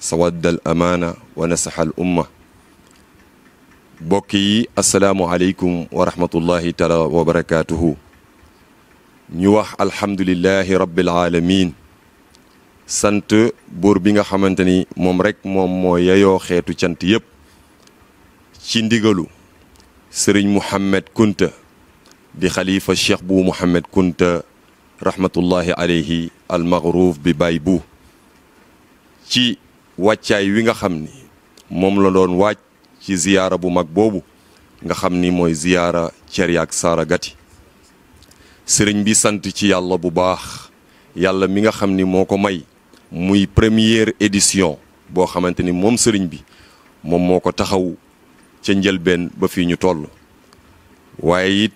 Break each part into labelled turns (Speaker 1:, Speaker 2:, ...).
Speaker 1: سود الأمانة ونسح الأمة mbokk yi asalaamualeykum wa rahmatullahi taala wa barakaatuhu ñu wax alhamdulilahi rabbil alamin sant buur bi nga xamante ni moom rek moom moo yeyoo xeetu cant yépp ci ndigalu sëriñ Mouhamed Kunta di xalifa cheikh bu Mouhamed Kunta rahmatullahi alayhi al maghruf bi baay bu ci wàccaay wi nga xam ni moom la doon wàcc ci ziyaara bu mag boobu nga xam ni mooy ziyaara Cere ak Saara Gati sëriñ bi sant ci yàlla bu baax yàlla mi nga xam ni moo ko may muy première édition boo xamante ni moom sëriñ bi moom moo ko taxaw ca njëlbeen ba fii ñu toll waaye it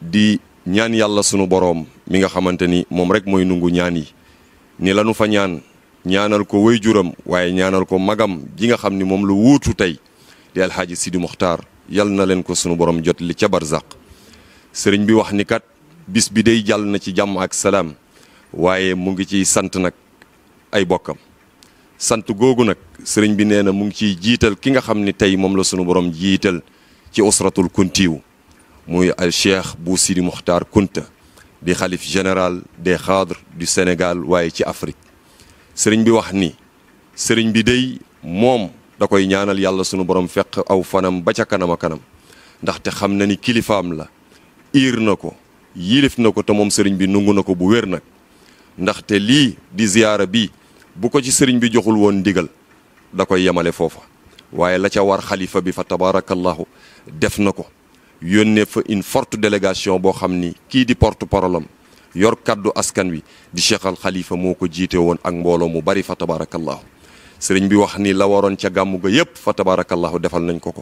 Speaker 1: di ñaan yàlla sunu boroom mi nga xamante ni moom rek mooy nungu ñaan yi ni lanu fa ñaan ñaanal ko wayjuram waye ñaanal ko magam gi nga xamni mom lu wootu tay di alxaaji Sidi Muxtaar yal na len ko sunu borom jot li ci barzak serign bi wax ni kat bis bi day jàll na ci jam ak salam waye mu ngi ci sant nak ay bokkam sant gogu nak serign bi neena mu ngi ci jital ki nga xamni tay mom la sunu borom jital ci usratul kuntiw muy al cheikh bu Sidi Muxtaar Kunta di xalif général des cadres du Sénégal waye ci Afrique sëriñ bi wax ni sëriñ bi dey moom da koy ñaanal yàlla sunu borom fekk aw fanam ba ca kanam kanam ndaxte xam na ni kilifaam la iir na yilif na ko te moom sëriñ bi nungu na ko bu wér nag ndaxte lii di ziyaara bi bu ko ci sëriñ bi joxul woon ndigal da koy yemale foofa la ca war xalifa bi fa tabaarakallahu def na ko yónnee fa une forte délégation boo xam ni kii di porte-parole yor kaddu askan wi di Cheikh Al Khalifa moo ko jiite ak mbooloo mu bari fa tabarakallahu sëriñ bi wax ni la waroon ca gàmmu ga yépp fa defal nañ ko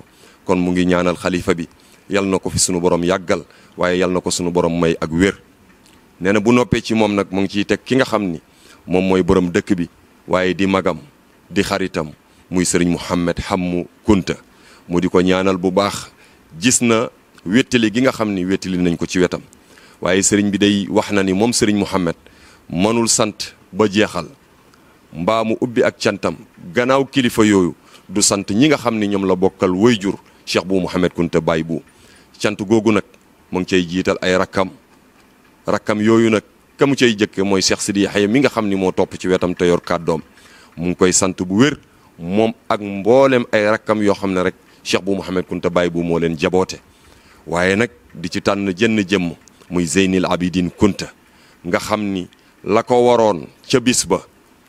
Speaker 1: kon mu ngi ñaanal xalifa bi yal na fi sunu borom yàggal waaye yal na sunu borom may ak wér nee na bu noppee ci moom nag mu ngi ciy teg ki nga xam ni moom borom dëkk bi waaye di magam di xaritam muy sëriñ Mouhamed Hammu Kunta mu di ko ñaanal bu baax gis na wéttali gi nga xam ni nañ ko ci wetam waaye sëriñ bi day wax na ni moom sëriñ Mouhamed mënul sant ba jeexal mbaa mu ubbi ak cantam gannaaw kilifa yooyu du sant ñi nga xam ni ñoom la bokkal jur Cheikh bu Mouhamed Kunta Baye bu cant googu nag mu ngi cay jiital ay rakkam rakkam yooyu nag ka mu cay jëkke mooy Cheikh Sidi Yaxya mi nga xam ni moo topp ci wetam te yor kàddoom mu ngi koy sant bu wér moom ak mboolem ay rakkam yoo xam ne rek Cheikh bu Mouhamed Kunta Baye bu moo leen jaboote waaye nag di ci tànn jenn jëmm muy Zeynil Abidin Kunta nga xam ni la ko waroon ca bis ba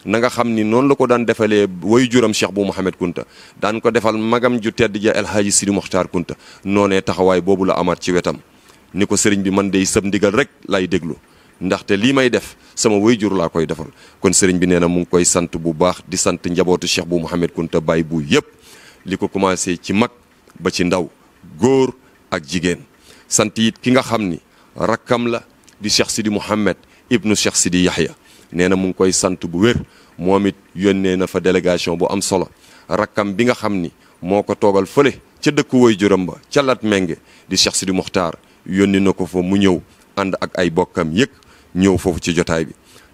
Speaker 1: na nga xam ni noonu la ko daan defalee way juram cheikh bu Mouhamed Kunta daan ko defal magam ju tedd ja El Hadji Sidi Mokhtar Kunta noonee taxawaay boobu la amaat ci wetam ni ko sëriñ bi man dey sëb ndigal rek lay déglu ndaxte lii may def sama jur laa koy defal kon sëriñ bi nee na mu ngi koy sant bu baax di sant njabootu cheikh bu Mouhamed Kunta Baye bu yëpp li ko commencé ci mag ba ci ndaw góor ak jigéen sant it ki nga xam ni rakkam la di Cheikh Sidi Mouhamed ibnu Cheikh Sidi Yahya nee na mu ngi koy sant bu wér moom it yónnee na fa délégation bu am solo rakkam bi nga xam ni moo ko toogal fële ca dëkku woy juróom ba ca Latmingué di Cheikh Sidi Moukhtar yónni na ko fa mu ñëw ànd ak ay bokkam yëg ñëw foofu ci jotaay bi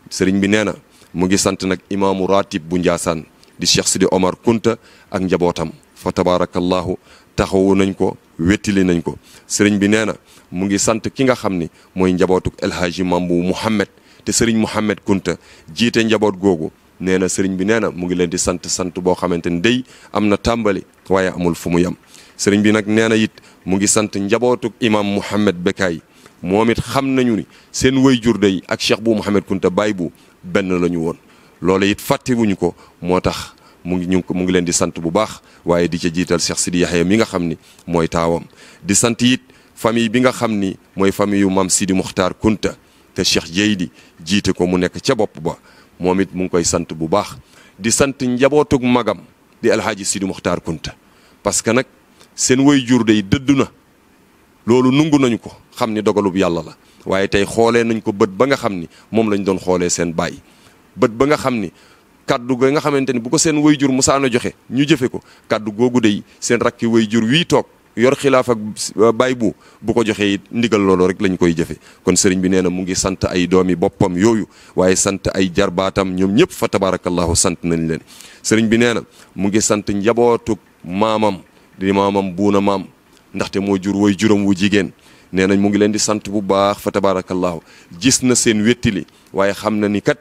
Speaker 1: sëriñ bi nee na mu ngi sant nag imaamu ratib bu Njaasaan di Cheikh Sidi Omar Kunta ak njabootam fa tabaarakallahu taxawu nañ ko wettili nañ ko sëriñ bi nee na mu ngi sant ki nga xam ni mooy njabootuk El Hadji Mambu Mouhamed te sëriñ Mouhamed Kunta jiite njaboot googu nee na sëriñ bi nee na mu ngi leen di sant sant boo xamante ni day am na tàmbali waaye amul fu mu yem sëriñ bi nag nee na it mu ngi sant njabootuk imam Mouhamed Bekkaay moom it xam nañu ni seen jur day ak Cheikh bu Mouhamed Kunta Baay bu benn lañu ñu woon loolu it fàttewuñu ko moo tax mu ngi leen di sant bu baax waaye di ca jiital Cheikh Sidi Yaxya mi nga xam ni mooy taawam di sant it famille bi nga xam ni mooy famille yu maam Sidi Muxtaar Kunta te Cheikh Jeydi jiite ko mu nekk ca bopp ba moom it mu ngi koy sant bu baax di sant njabootug magam di alhaaji Sidi Muxtaar Kunta parce que nag seen waajur day dëddu na loolu nungu nañu ko xam ni dogalub yàlla la waaye tey xoolee nañ ko bët ba nga xam ni moom lañ doon xoolee seen baay bët ba nga xam ni kaddu go nga xamanteni bu ko seen wayjur musaana joxe ñu jëfé ko kaddu gogu day seen rakki wayjur wi tok yor khilaf ak baay bu bu ko joxee ndigal lolo rek lañ koy jëfé kon serigne bi neena mu ngi sante ay doomi bopam yoyu waye sante ay jarbaatam ñom ñep fa tabarakallah sante nañ leen serigne bi neena mu ngi sante njabootuk mamam di mamam buuna maam ndaxte mo jur way juram wu jigen nee mu ngi leen di sante bu baax fa tabarakallah gis na seen wetti li waye xamna ni kat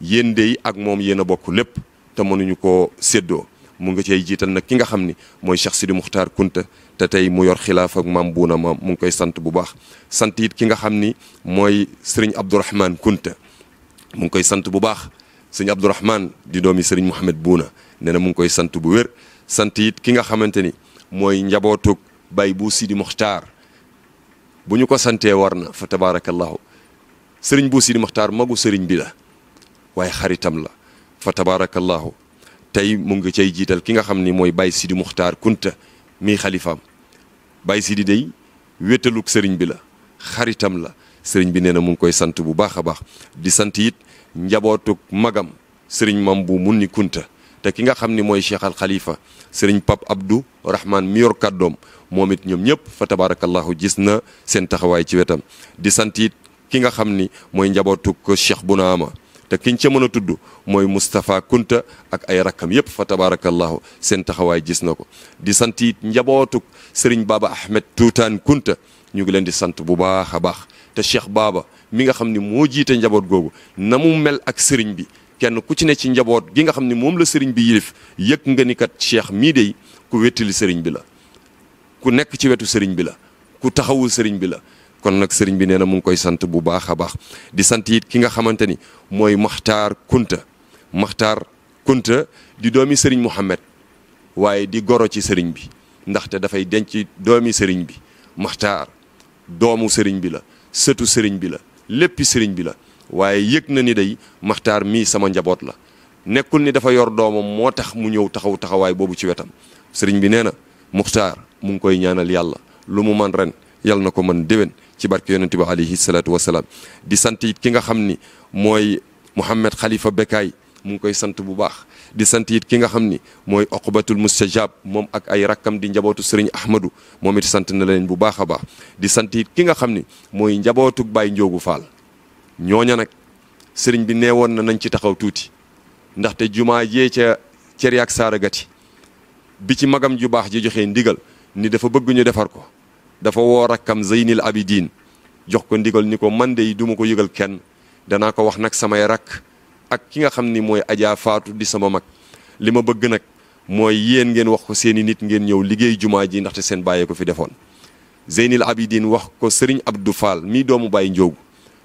Speaker 1: yéen dey ak moom yéen a bokk lépp te mënuñu koo séddoo mu nga cay jiital nag ki nga xam ni mooy Cheikh Sidi Muxtaar Kunta te tey mu yor xilaaf ak maam buuna ma mu ngi koy sant bu baax sant it ki nga xam ni mooy sëriñ Abdourahman Kunta mu ngi koy sant bu baax sëriñ Abdourahman di doomi sëriñ Mouhamed Buuna nee na mu ngi koy sant bu wér sant it ki nga xamante ni mooy njabootug bay bu Sidi Muxtaar bu ñu ko santee war na fa tabaarakallahu sëriñ bu Sidi Muxtaar magu bi la waaye xaritam la fa tabaarakallaahu tey mu ngi cey jiital ki nga xam ni mooy Baye Sidi Muxtaar Kunta mii xalifaam Baye Sidi day wétalug sëriñ bi la xaritam la sëriñ bi nee na mu ngi koy sant bu baax a baax di sant it njabootug magam sëriñ mam bu mun ni Kunta te ki nga xam ni mooy Cheikh xalifa Khalifa sëriñ Pape Abdou Rahman mi yor kàddoom moom it ñoom ñëpp fa tabaarakallaahu gis na seen taxawaay ci wetam di sant it ki nga xam ni mooy njabootug Cheikh Bunaama te kiñ ca mën a tudd mooy Moustapha Kunta ak ay rakkam yëpp fa tabaarakallaahu seen taxawaay gis na ko di sant it njabootuk Serigne Baba Ahmed Tuutaan Kunta ñu ngi leen di sant bu baax a baax te Cheikh baaba mi nga xam ni moo jiite njaboot googu na mu mel ak Serigne bi kenn ku ci ne ci njaboot gi nga xam ni moom la Serigne bi yilif yëg nga ni kat Cheikh mii de ku wettili Serigne bi la ku nekk ci wetu Serigne bi la ku taxawul Serigne bi la. kon nag sëriñ bi nee na mu ngi koy sant bu baax a baax di sant it ki nga xamante ni mooy Maxtaar Kunta Maxtaar Kunta di doomi sëriñ Mouhamed waaye di goro ci sëriñ bi ndaxte dafay denc doomi sëriñ bi Maxtaar doomu sëriñ bi la sëtu sëriñ bi la léppi sëriñ bi la waaye yëg na ni day Maxtaar mii sama njaboot la nekkul ni dafa yor doomam moo tax mu ñëw taxaw taxawaay boobu ci wetam sëriñ bi nee na Maxtaar mu ngi koy ñaanal yàlla lu mu man ren yàlla na ko mën déwén ci barke yonente bi alayhi salaatu wasalaam di sant it ki nga xam ni mooy Mouhamed Khalifa Bekkaay mu ngi koy sant bu baax di sant it ki nga xam ni mooy oqbatul mustajab moom ak ay rakkam di njabootu sëriñ ahmadu moom it sant na leen bu baax a baax di sant it ki nga xam ni mooy njabootu Baye Njoogu Faal ñooña nag sëriñ bi nee woon na nañ ci taxaw tuuti ndaxte jumaa jee ca cere ak saaragati bi ci magam ju baax ji joxe ndigal ni dafa bëgg ñu defar ko dafa woo rakkam Zeynil Abidin jox ko ndigal ni ko man de yi du ko yëgal kenn danaa ko wax nag samay rakk ak ki nga xam ni mooy ajaa Faatu di sama mag li ma bëgg nag mooy yéen ngeen wax ko seeni nit ngeen ñëw liggéey jumaa ji ndaxte seen bàyyee ko fi defoon Zeynil Abidin wax ko sëriñ Abdou Fall mii doomu bàyyi njóogu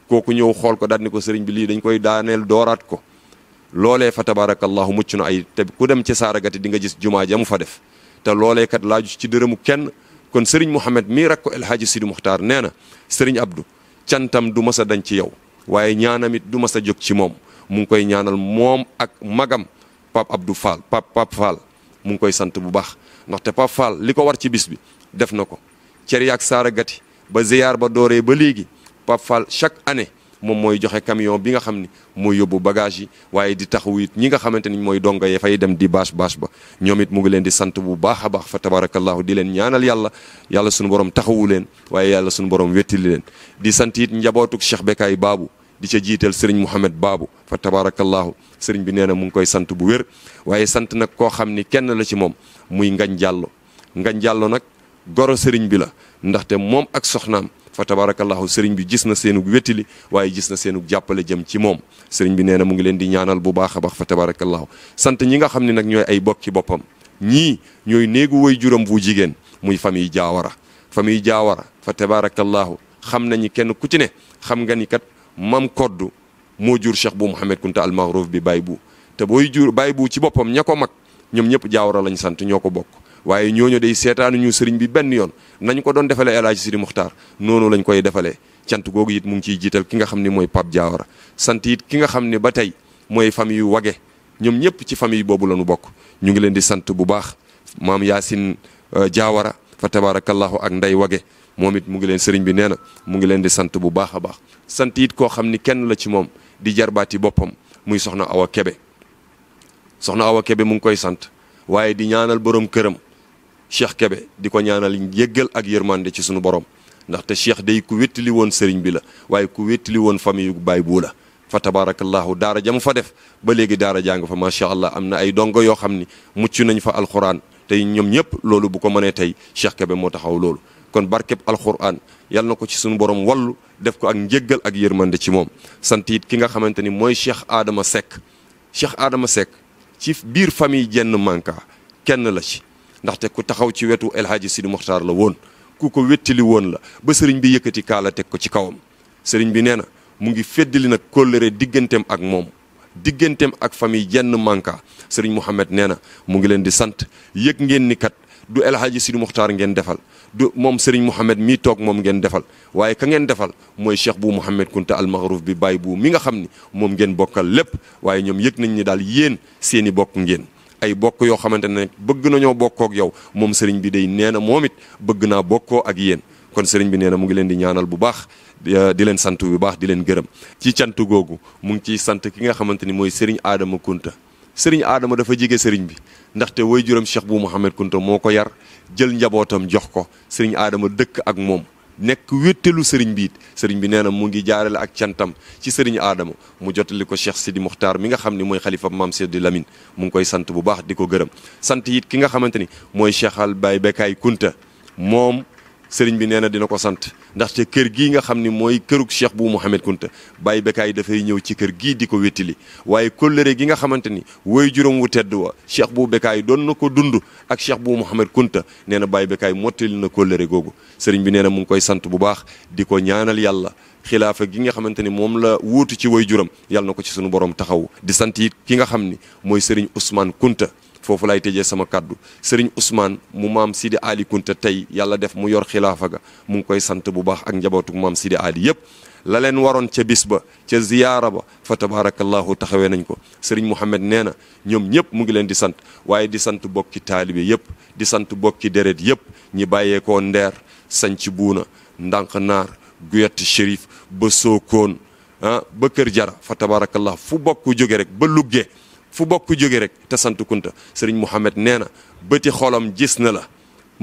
Speaker 1: kooku ñëw xool ko daal ni ko sëriñ bi lii dañ koy daaneel dooraat ko loolee fa tabarakallahu mucc na ay te ku dem ci saaragati di nga gis jumaa ja fa def kenn kon Serigne Mouhamed mii rakko El Hadji Sidi Muxtaar nee na Serigne Abdou cantam du mas a dañ ci yow waaye ñaanamit du mas a jóg ci moom mu ngi koy ñaanal moom ak magam Pape Abdou Fall Pape Pape Fall mu ngi koy sant bu baax ndaxte Pape Fall li ko war ci bis bi def na ko cere yaak saara gati ba ziyaar ba dooree ba léegi Pape Fall chaque année moom mooy joxe camion bi nga xam ni mooy yóbbu bagage yi waaye di taxawu it ñi nga xamante ni mooy donga ya fay dem di bâche bâche ba ñoomit mu ngi leen di sant bu baax a baax fa tabarakallahu di leen ñaanal yàlla yàlla suñu borom taxawu leen waaye yàlla suñu borom wettili leen di sant it njabootuk Cheikh Bekaay Baabu di ca jiital sëriñ Mouhamed Baabu fa tabarakallahu sëriñ bi nee na mu ngi koy sant bu wér waaye sant nag koo xam ni kenn la ci moom muy Ngañ Jàllo Ngañ Jàllo nag goro sëriñ bi la ndaxte moom ak soxnaam fa tabarakallahu sëriñ bi gis na seenu wettili waaye gis na seenu jàppale jëm ci moom seriñ bi nee na mu ngi leen di ñaanal bu baax a baax fa tabarakallahu sant ñi nga xam ne nag ñooy ay bokk ci boppam ñii ñooy néegu woy juram bu jigéen muy famille jaawara famille jaawara fa tabarakallahu xam ñi kenn ku ci ne xam nga ni kat mam koddu moo jur cheikh bu Mouhamed Kunta al Maghrouf bi baay bu te booy jur baay bu ci boppam ña ko mag ñoom ñëpp jaawara lañ sant ñoo ko bokk waaye ñooñu day seetaanu ñu sëriñ bi benn yoon nañ ko doon defalee El Hadj Sidi Muxtaar noonu lañ koy defalee sant googu it mu ngi ciy jiital ki nga xam ni mooy Pape Diawara sant it ki nga xam ne ba tey mooy famille yu wage ñoom ñëpp ci famille boobu la ñu bokk ñu ngi leen di sant bu baax maam Yacine euh, Diawara fa tabarakallahu ak nday wage moom it mu ngi leen sëriñ bi nee na mu ngi leen di sant bu baax a baax sant it koo xam ni kenn la ci moom di jarbaati boppam muy soxna Awa Kebe soxna Awa Kebe mu ngi koy sant waaye di ñaanal borom këram Cheikh Kebe di ko ñaanal yëggal ak yërmande ci suñu borom ndaxte Cheikh day ku wéttali woon sëriñ bi la waaye ku wéttali woon famille yu baay buu la fa tabaarakallahu daara ja fa def ba léegi daara jàng fa macha allah am na ay dongo yoo xam ni mucc nañ fa alxuraan tey ñoom ñëpp loolu bu ko mënee tey Cheikh Kebe moo taxaw loolu kon barkeb alxuraan yal na ko ci suñu borom wallu def ko ak njëggal ak yërmande ci moom sant it ki nga xamante ni mooy Cheikh Adama Seck Cheikh Adama Seck ci biir famille jenn manka kenn la ci ndax te ku taxaw ci wetu El Hadji Sidi la woon ku ko wettili woon la ba sëriñ bi yëkkati kaala teg ko ci kawam sëriñ bi nee na mu ngi feddali nag kóllëre digganteem ak moom digganteem ak famille jenn manka sëriñ Mouhamed nee na mu ngi leen di sant yëg ngeen ni kat du El Hadji Sidi ngeen defal du moom sëriñ Mouhamed mii toog moom ngeen defal waaye ka ngeen defal mooy cheikh bu Mouhamed Kunta al Maghrouf bi bàyyi bu mi nga xam ni moom lépp waaye ñoom yëg nañ ni daal yéen seeni bokk ngeen. ay bokk yoo xamante ne bëgg nañoo bokkoo ak yow moom sëriñ bi day nee na moom it bëgg naa bokkoo ak yéen kon sëriñ bi nee na mu ngi leen di ñaanal bu baax di eh, leen sant bu baax di leen gërëm ci cant googu mu ngi ciy sant ki nga xamante ni mooy sëriñ aadama Kunta sëriñ aadama dafa jige sëriñ bi ndaxte way juram Cheikh bu Mouhamed Kunta moo ko yar jël njabootam jox ko sëriñ aadama dëkk ak moom nekk wéttalu sëriñ bi it sëriñ bi nee na mu ngi jaarale ak cantam ci sëriñ aadama mu jotali ko Cheikh Sidi Muxtaar mi nga xam ni mooy xalifa maam Seydi Lamine mu ngi koy sant bu baax di ko gërëm sant it ki nga xamante ni mooy Cheikh baay Baye Bekaay Kunta moom sëriñ bi nee na dina ko sant ndaxte kër gii nga xam ni mooy kërug cheikh bu Mouhamed Kunta Baye Bécaye dafay ñëw ci kër gii di ko wéttili waaye kóllëre gi nga xamante ni woy juróom wu tedd wa cheikh bu Bécaye doon na ko dund ak cheikh bu Mouhamed Kunta nee na Baye Bécaye mottali na kóllëre googu sëriñ bi nee na mu ngi koy sant bu baax di ko ñaanal yàlla xilaafa gi nga xamante ni moom la wuutu ci woy juram yàlla na ko ci sunu borom taxaw di sant it ki nga xam ni mooy sëriñ Ousmane Kunta foofu lay tëjee sama kàddu Serigne Ousmane mu maam Sidi Ali Kunta tey yàlla def mu yor xilaafa ga mu ngi koy sant bu baax ak njabootu maam Sidi Ali yëpp la leen waroon ca bis ba ca ziyaara ba fa tabaarakallahu taxawee nañ ko Serigne Mouhamed nee na ñoom ñëpp mu ngi leen di sant waaye di sant bokki taalibe yëpp di sant bokki deret yëpp ñi bàyyeekoo Ndeer sanc buuna ndànk naar guyat shérif ba sookoon ah ba kër jara fa tabaarakallah fu bokk jóge rek ba lugge fu bokk jóge rek te sant kunta serigne mohammed neena beuti xolam gis na la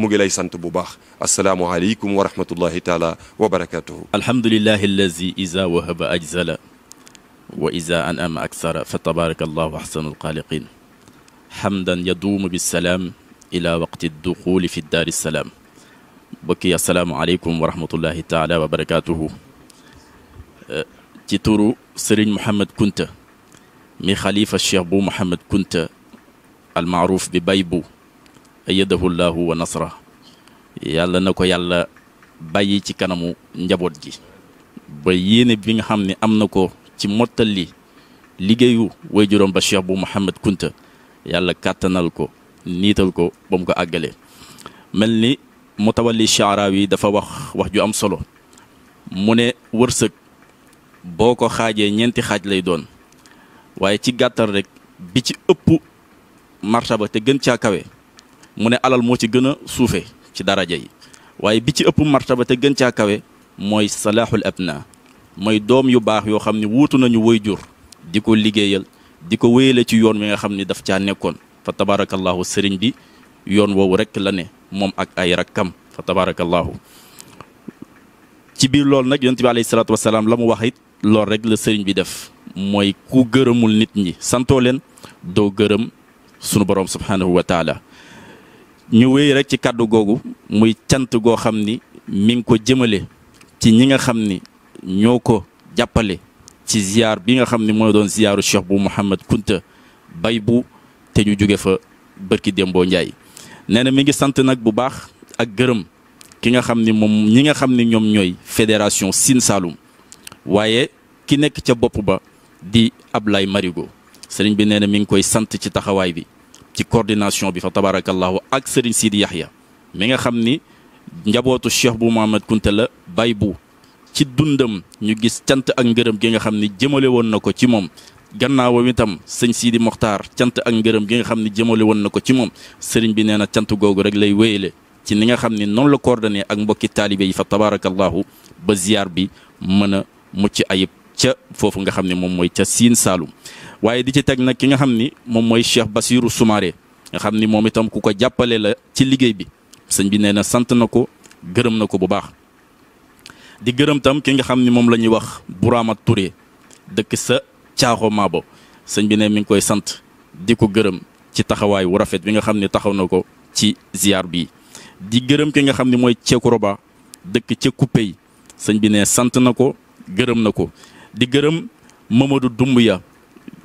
Speaker 1: mu ngi lay sant bu bax assalamu alaykum wa rahmatullahi taala wa barakatuh
Speaker 2: alhamdulillahi allazi isa wahaba ajzala wa iza an ama aksara fa tabarakallahu ahsanul qaliqin hamdan xamdan bis salam ila waqti ad duxuli fi ad-dar as-salam bokki assalamu alaykum wa rahmatullahi taala wa barakatuh ci turu serigne mohammed Kunta من خليفة الشيخ أبو محمد كنت المعروف ببايبو أيده الله ونصره yàlla na ko yàlla bàyyi ci kanamu njaboot gi ba yéene bi nga xam ne am na ko ci mottali liggéeyu waajuram ba Cheikh bu Mouhamed Kunta yàlla kàttanal ko niital ko ba mu ko àggale mel ni Mutawalli Shaarawi dafa wax wax ju am solo mu ne wërsëg boo ko xaajee ñeenti xaaj lay doon waaye ci gàttal rek bi ci ëpp martaba te gën caa kawe mu ne alal moo ci gën a suufe ci daraja yi waaye bi ci ëpp martaba te gën caa kawe mooy salaaxul abna mooy doom yu baax yoo xam ne wuutu nañu woy jur di ko liggéeyal di ko wéyale ci yoon wi nga xam ni daf caa nekkoon fa tabaarakallaahu sëriñ bi yoon woowu rek la ne moom ak ay rakkam fa tabaarakallaahu ci biir loolu nag yonent bi alayhi salaatu wasalaam la mu wax it loolu rek la sëriñ bi def mooy ku gërëmul nit ñi santoo leen doo gërëm sunu borom subhanahu wa taala ñu wéy rek ci kàddu googu muy cant goo xam ni mi ngi ko jëmale ci ñi nga xam ni ñoo ko jàppale ci ziar bi nga xam ni mooy doon ziaru cheikh bu Mouhamad Kunta bay bu te ñu jóge fa bërki démboo Ndiaye nee na mi ngi sant nag bu baax ak gërëm ki nga xam ni moom ñi nga xam ni ñoom ñooy fédération Sine Saloum waaye ki nekk ca bopp ba di Ablaye Marigo sëriñ bi nee na mi ngi koy sant ci taxawaay bi ci coordination bi fa tabarakallahu ak sëriñ Sidi Yaxya mi nga xam ni njabootu Cheikh bu Mohamed Kunta la bay bu ci dundam ñu gis cant ak ngërëm gi nga xam ni jëmale woon na ko ci moom gannaawam itam sëñ Sidi Mokhtar cant ak ngërëm gi nga xam ni jëmale woon na ko ci moom sëriñ bi nee na cant googu rek lay wéyale ci ni nga xam ni noonu la coordonné ak mbokki taalibe yi fa tabarakallahu ba ziar bi mucc ayib ca foofu nga xam ne moom mooy ca Sine Saalum waaye di ci teg nag ki nga xam ni moom mooy Cheikh Bassirou Soumaré nga xam ni moom itam ku ko jàppale la ci liggéey bi sëñ bi nee na sant na ko gërëm na ko bu baax di gërëm tam ki nga xam ni moom lañuy ñuy wax Bourama Touré dëkk sa Caaxo Maabo sëñ bi ne mi ngi koy sant di ko gërëm ci taxawaay wu rafet bi nga xam ne taxaw na ko ci ziar bi di gërëm ki nga xam ni mooy Ceekuroba dëkk ca Coupéy sëñ bi ne sant na ko gërëm na ko di gërëm dumb ya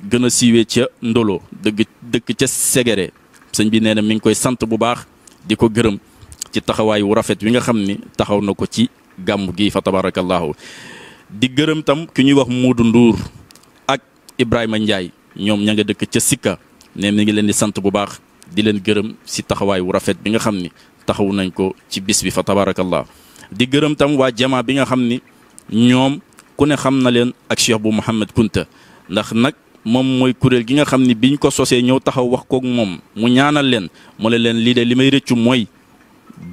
Speaker 2: gën a siiwee ca Ndolo dëgg dëkk ca Ségéré sëñ bi nee na mi ngi koy sant bu baax di ko gërëm ci taxawaayu wu rafet wi nga xam ni taxaw na ko ci gàmm gi fa tabarakallahu di gërëm tam ki ñuy wax Moodu Ndour ak Ibrahima Ndiaye ñoom ña nga dëkk ca Sikka ne mi ngi leen di sant bu baax di leen gërëm si taxawaay wu rafet bi nga xam ni taxaw nañ ko ci bis bi fa tabarakallah di gërëm tam waa jamaa bi nga xam ni ñoom ku ne xam na leen ak Cheikh bu Mouhamed Kunta ndax nag moom mooy kuréel gi nga xam ni biñ ko sosee ñëw taxaw wax kook moom mu ñaanal leen mu ne leen lii de li may rëccu mooy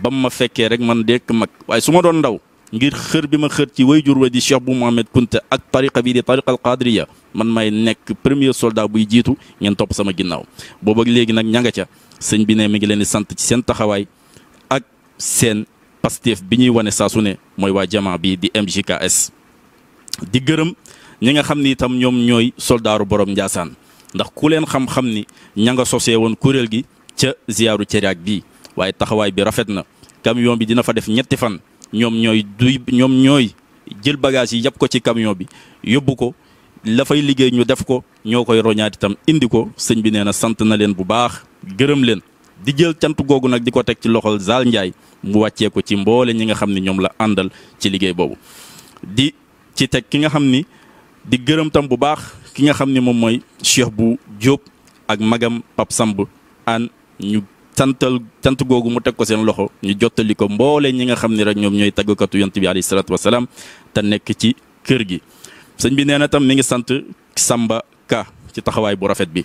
Speaker 2: ba mu ma fekkee rek man dekk mag waaye su ma doon ndaw ngir xër bi ma xër ci jur wa di Cheikh bu Mouhamed Kunta ak tariqa bi di tariqa al qadriya man may nekk premier soldat buy jiitu ngeen topp sama ginnaaw booba ak léegi nag ña nga ca sëñ bi ne mi ngi leen di sant ci seen taxawaay ak seen pasteef bi ñuy wane saa su ne mooy waa jamaa bi di MJKS di gërëm ñi nga xam ni itam ñoom ñooy soldaaru boroom Ndiassane ndax ku leen xam-xam ni ña nga sosee woon kuréel gi ca ziyaaru Ceriak bi waaye taxawaay bi rafet na camion bi dina fa def ñetti fan ñoom ñooy duy ñoom ñooy jël bagage yi yàpp ko ci kamiyon bi yóbbu ko la fay liggéey ñu def ko ñoo koy roñaat itam indi ko sëñ bi nee na sant na leen bu baax gërëm leen di jël cant googu nag di ko teg ci loxol Zal Ndiaye mu wàccee ko ci mboole ñi nga xam ne ñoom la àndal ci liggéey boobu ci teg ki nga xam ni di gërëm tam bu baax ki nga cheikh bu ak magam Pap Samb an ñu tantal tant googu mu teg ko seen loxo ñu jottali ko mboole ñi nga xam ni rek ñoom ñooy bi alayhi ci kër gi bi tam mi ngi sant Samba Ka ci taxawaay bu rafet bi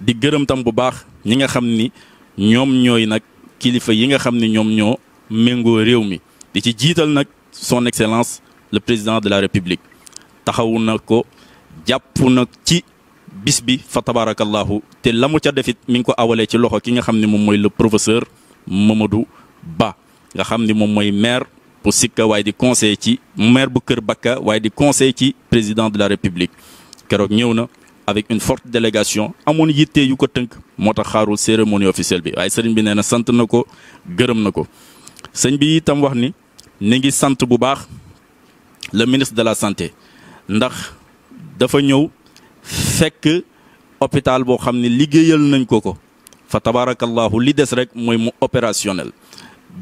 Speaker 2: di gërëm tam bu baax ñi nga hamni nyomnyo ñoom ñooy kilifa yi nga mi di ci jiital son excellence le président de la république taxawu na ko bisbi na ci bisbi bi fa tabarakallahu te la defit mi ko ci loxo ki nga xamni mom moy le professeur Mamadou Ba nga xamni mom moy maire Sikka di conseil ci maire bu keur Bakka di conseil ci président de la république Kérok ñewna avec une forte délégation amoon yitte yu ko tënk moo cérémonie officielle bi waye sëriñ bi néna na sant nako gërëm na sëñ bi tam wax ni ni ngi sant bu baax le ministre de la santé ndax dafa ñëw fekk hôpital boo xam ne liggéeyal nañ ko ko fa tabarakallahu li des rek mooy mu opérationnel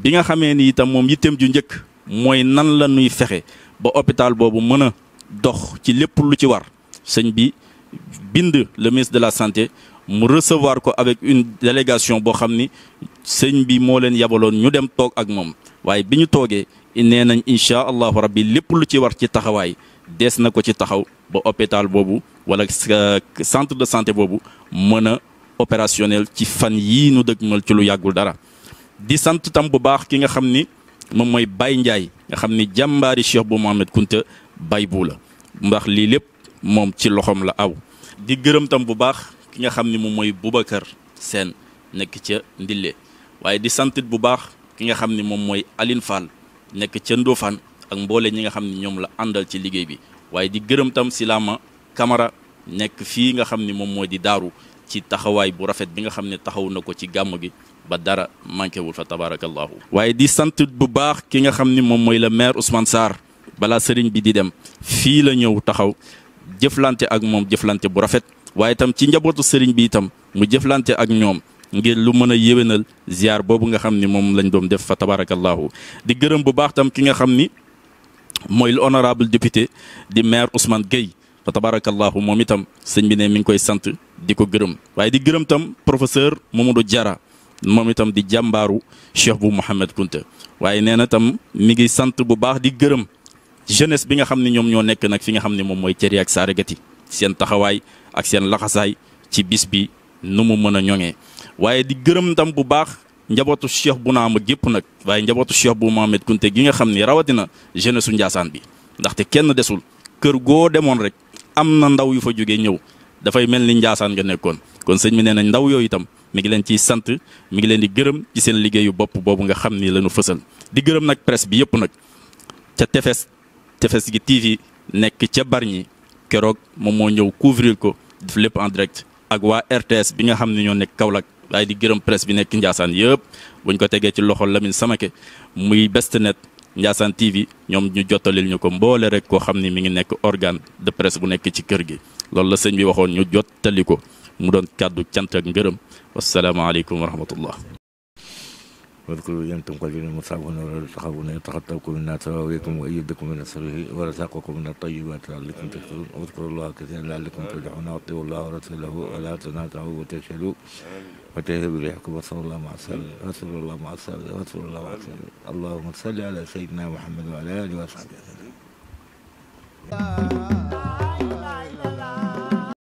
Speaker 2: bi nga xamee ni itam moom yitteem ju njëkk mooy nan la ñuy fexe ba hôpital boobu mën a dox ci lépp lu ci war sëñ bi bind le ministre de la santé mu recevoir ko avec une délégation boo xam ni sëñ bi moo leen yabaloon ñu dem toog ak moom waaye bi ñu nee nañ incha allahu rabbi lépp lu ci war ci taxawaay des na ko ci taxaw ba hôpital boobu wala euh, centre de santé boobu mën a opérationnel ci fan yii nu dëgmal ci lu yàggul dara di sant tam bu baax ki nga xam ni moom mooy bay Ndiaye nga xam ni jàmbaari Cheikh bu Mohamed Kunta bay bu la ndax lii lépp moom ci loxoom la aw di gërëm tam bu baax ki nga xam ni moom mooy Boubacar seen nekk ca Ndille waaye di santit bu baax ki nga xam ni moom mooy Aline Fall nekk ca Ndofane ak mboole ñi nga xam ne ñoom la àndal ci liggéey bi waaye di gërëm tam Silama Camara nekk fii nga xam ni moom mooy di daaru ci taxawaay bu rafet bi nga xam ne taxaw na ko ci gàmm gi ba dara manqué wul fa tabarakallahu waaye di sant bu baax ki nga xam ni moom mooy la maire Ousmane saar balaa sëriñ bi di dem fii la ñëw taxaw jëflante ak moom jëflante bu rafet waaye itam ci njabootu sëriñ bi itam mu jëflante ak ñoom ngir lu mën a yéwénal ziar boobu nga xam ni moom lañ doon def fa tabarakallahu di gërëm bu baax tam ki nga xam ni mooy le honorable député di maire Ousmane Gueye fa tabarakallahu moom itam sëñ bi ne mi ngi koy sant di ko gërëm waaye di gërëm tam professeur Mamadou jara moom itam di jàmbaaru Cheikh bu Mouhamed Kounta waaye nee na tam mi ngi sant bu baax di gërëm jeunesse bi nga xam ne ñoom ñoo nekk nag fi nga xam ne moom mooy cëri ak saaragati seen taxawaay ak seen laxasaay ci bis bi nu mu mën a ñoŋee waaye di gërëm tam bu baax njabootu Cheikh Bounama gépp nag waaye njabootu Cheikh Bou Mohamed Kounté gi nga xam ni rawatina jeunesse su Ndiassane bi ndaxte kenn desul kër goo demoon rek am na ndaw yu fa jógee ñëw dafay mel ni Ndiassane nga nekkoon kon sëñ bi nee na ndaw yooyu itam mi ngi leen ciy sant mi ngi leen di gërëm ci seen liggéeyu bopp boobu nga xam ni lañu fësal di gërëm nag presse bi yëpp nag ca tefes tefes gi TV nekk ca bar Bargny keroog moom moo ñëw couvrir ko def lépp en ak waa RTS bi xam ne ñoo nekk Kaolack waaye di gërëm presse bi nekk Ndiassane yëpp buñ ko tegee ci loxo Lamine Samake muy best net Ndiassane TV ñoom ñu jottalil ñu ko mboole rek koo xam ni mi ngi nekk organe de presse bu nekk ci kër gi loolu la sëñ bi waxoon ñu jottali mu doon kàddu cant ak ngërëm wasalaamaaleykum wa rahmatullah واذكروا يوم تنقلون مصعبون وتخافون إذ تخطبكم الناس ويكم ويدكم من السره ورزقكم من الطيبات لعلكم تشكرون واذكروا الله كثيرا لعلكم تفلحون وأطيعوا الله ورسوله ولا تنازعوا وتشهدوا وجاهدوا حكم صلى الله عليه وسلم رسول الله مع الصالحين رسول الله مع الصالحين اللهم صل على سيدنا محمد وعلى اله وصحبه
Speaker 1: وسلم